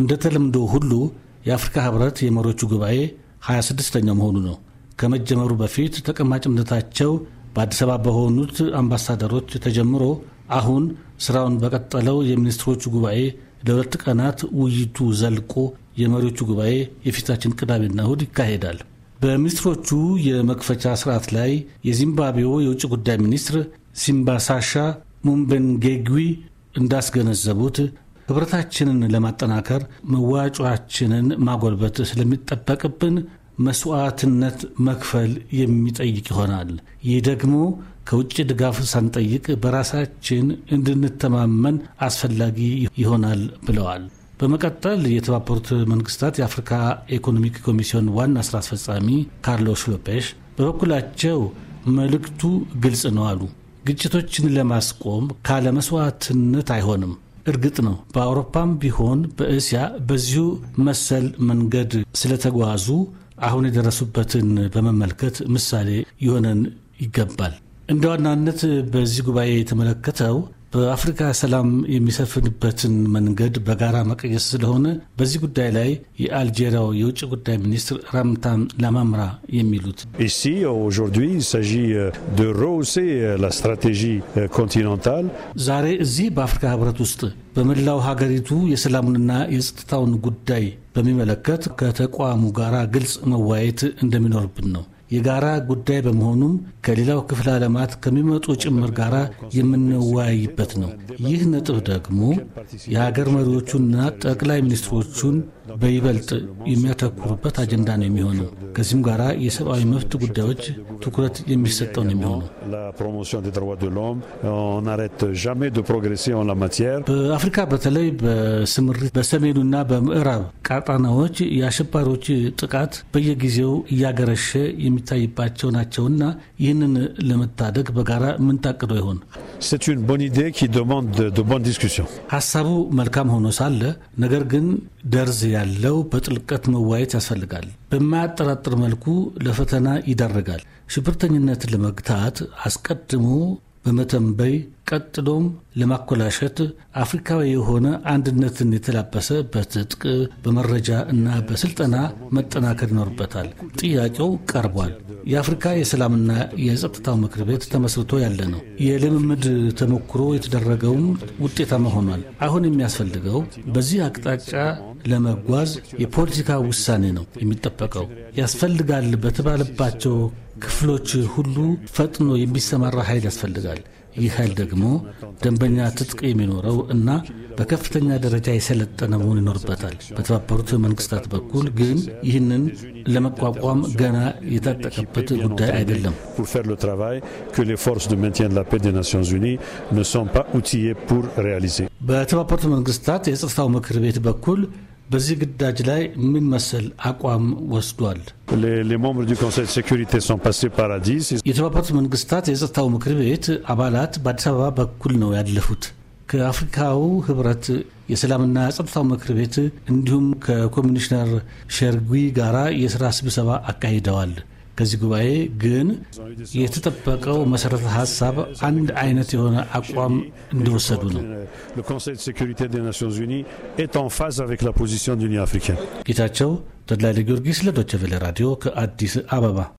እንደ ተለምዶ ሁሉ የአፍሪካ ህብረት የመሪዎቹ ጉባኤ 26ኛው መሆኑ ነው። ከመጀመሩ በፊት ተቀማጭነታቸው በአዲስ አበባ በሆኑት አምባሳደሮች ተጀምሮ አሁን ስራውን በቀጠለው የሚኒስትሮቹ ጉባኤ ለሁለት ቀናት ውይይቱ ዘልቆ የመሪዎቹ ጉባኤ የፊታችን ቅዳሜና እሁድ ይካሄዳል። በሚኒስትሮቹ የመክፈቻ ስርዓት ላይ የዚምባብዌው የውጭ ጉዳይ ሚኒስትር ሲምባሳሻ ሙምቤንጌግዊ እንዳስገነዘቡት ህብረታችንን ለማጠናከር መዋጮአችንን ማጎልበት ስለሚጠበቅብን መስዋዕትነት መክፈል የሚጠይቅ ይሆናል። ይህ ደግሞ ከውጭ ድጋፍ ሳንጠይቅ በራሳችን እንድንተማመን አስፈላጊ ይሆናል ብለዋል። በመቀጠል የተባበሩት መንግስታት የአፍሪካ ኢኮኖሚክ ኮሚስዮን ዋና ስራ አስፈጻሚ ካርሎስ ሎፔሽ በበኩላቸው መልእክቱ ግልጽ ነው አሉ። ግጭቶችን ለማስቆም ካለ መስዋዕትነት አይሆንም። እርግጥ ነው በአውሮፓም ቢሆን በእስያ በዚሁ መሰል መንገድ ስለተጓዙ አሁን የደረሱበትን በመመልከት ምሳሌ ይሆነን ይገባል። እንደ ዋናነት በዚህ ጉባኤ የተመለከተው በአፍሪካ ሰላም የሚሰፍንበትን መንገድ በጋራ መቀየስ ስለሆነ በዚህ ጉዳይ ላይ የአልጄሪያው የውጭ ጉዳይ ሚኒስትር ራምታን ላማምራ የሚሉት ici aujourd'hui ሳጂ s'agit euh, de rehausser euh, euh, ዛሬ እዚህ በአፍሪካ ህብረት ውስጥ በመላው ሀገሪቱ የሰላሙንና የጸጥታውን ጉዳይ በሚመለከት ከተቋሙ ጋር ግልጽ መዋየት እንደሚኖርብን ነው። የጋራ ጉዳይ በመሆኑም ከሌላው ክፍለ ዓለማት ከሚመጡ ጭምር ጋር የምንወያይበት ነው። ይህ ነጥብ ደግሞ የሀገር መሪዎቹና ጠቅላይ ሚኒስትሮቹን በይበልጥ የሚያተኩሩበት አጀንዳ ነው የሚሆነው። ከዚህም ጋር የሰብአዊ መብት ጉዳዮች ትኩረት የሚሰጠው ነው የሚሆነው። በአፍሪካ በተለይ በስምሪት በሰሜኑና በምዕራብ ቀጣናዎች የአሸባሪዎች ጥቃት በየጊዜው እያገረሸ የሚታይባቸው ናቸውና ይህንን ለመታደግ በጋራ ምን ታቅዶ ይሆን? c'est une bonne idée qui demande de bonnes discussions። ሀሳቡ መልካም ሆኖ ሳለ ነገር ግን ደርዝ ያለው በጥልቀት መዋየት ያስፈልጋል። በማያጠራጥር መልኩ ለፈተና ይዳረጋል። ሽብርተኝነትን ለመግታት አስቀድሞ በመተንበይ ቀጥሎም ለማኮላሸት አፍሪካዊ የሆነ አንድነትን የተላበሰ በትጥቅ በመረጃ እና በስልጠና መጠናከር ይኖርበታል። ጥያቄው ቀርቧል። የአፍሪካ የሰላምና የጸጥታው ምክር ቤት ተመስርቶ ያለ ነው። የልምምድ ተሞክሮ የተደረገውም ውጤታማ ሆኗል። አሁን የሚያስፈልገው በዚህ አቅጣጫ ለመጓዝ የፖለቲካ ውሳኔ ነው የሚጠበቀው። ያስፈልጋል በተባለባቸው ክፍሎች ሁሉ ፈጥኖ የሚሰማራ ኃይል ያስፈልጋል። ይህ ኃይል ደግሞ ደንብ ደንበኛ ትጥቅ የሚኖረው እና በከፍተኛ ደረጃ የሰለጠነ መሆን ይኖርበታል። በተባበሩት መንግስታት በኩል ግን ይህንን ለመቋቋም ገና የታጠቀበት ጉዳይ አይደለም። በተባበሩት መንግስታት የጸጥታው ምክር ቤት በኩል በዚህ ግዳጅ ላይ ምን መሰል አቋም ወስዷል? የተባበሩት መንግስታት የጸጥታው ምክር ቤት አባላት በአዲስ አበባ በኩል ነው ያለፉት። ከአፍሪካው ህብረት የሰላምና ጸጥታው ምክር ቤት እንዲሁም ከኮሚሽነር ሸርጊ ጋራ የስራ ስብሰባ አካሂደዋል። ከዚህ ጉባኤ ግን የተጠበቀው መሰረተ ሀሳብ አንድ አይነት የሆነ አቋም እንደወሰዱ ነው። ጌታቸው ተድላ ጊዮርጊስ ለዶቸቬለ ራዲዮ ከአዲስ አበባ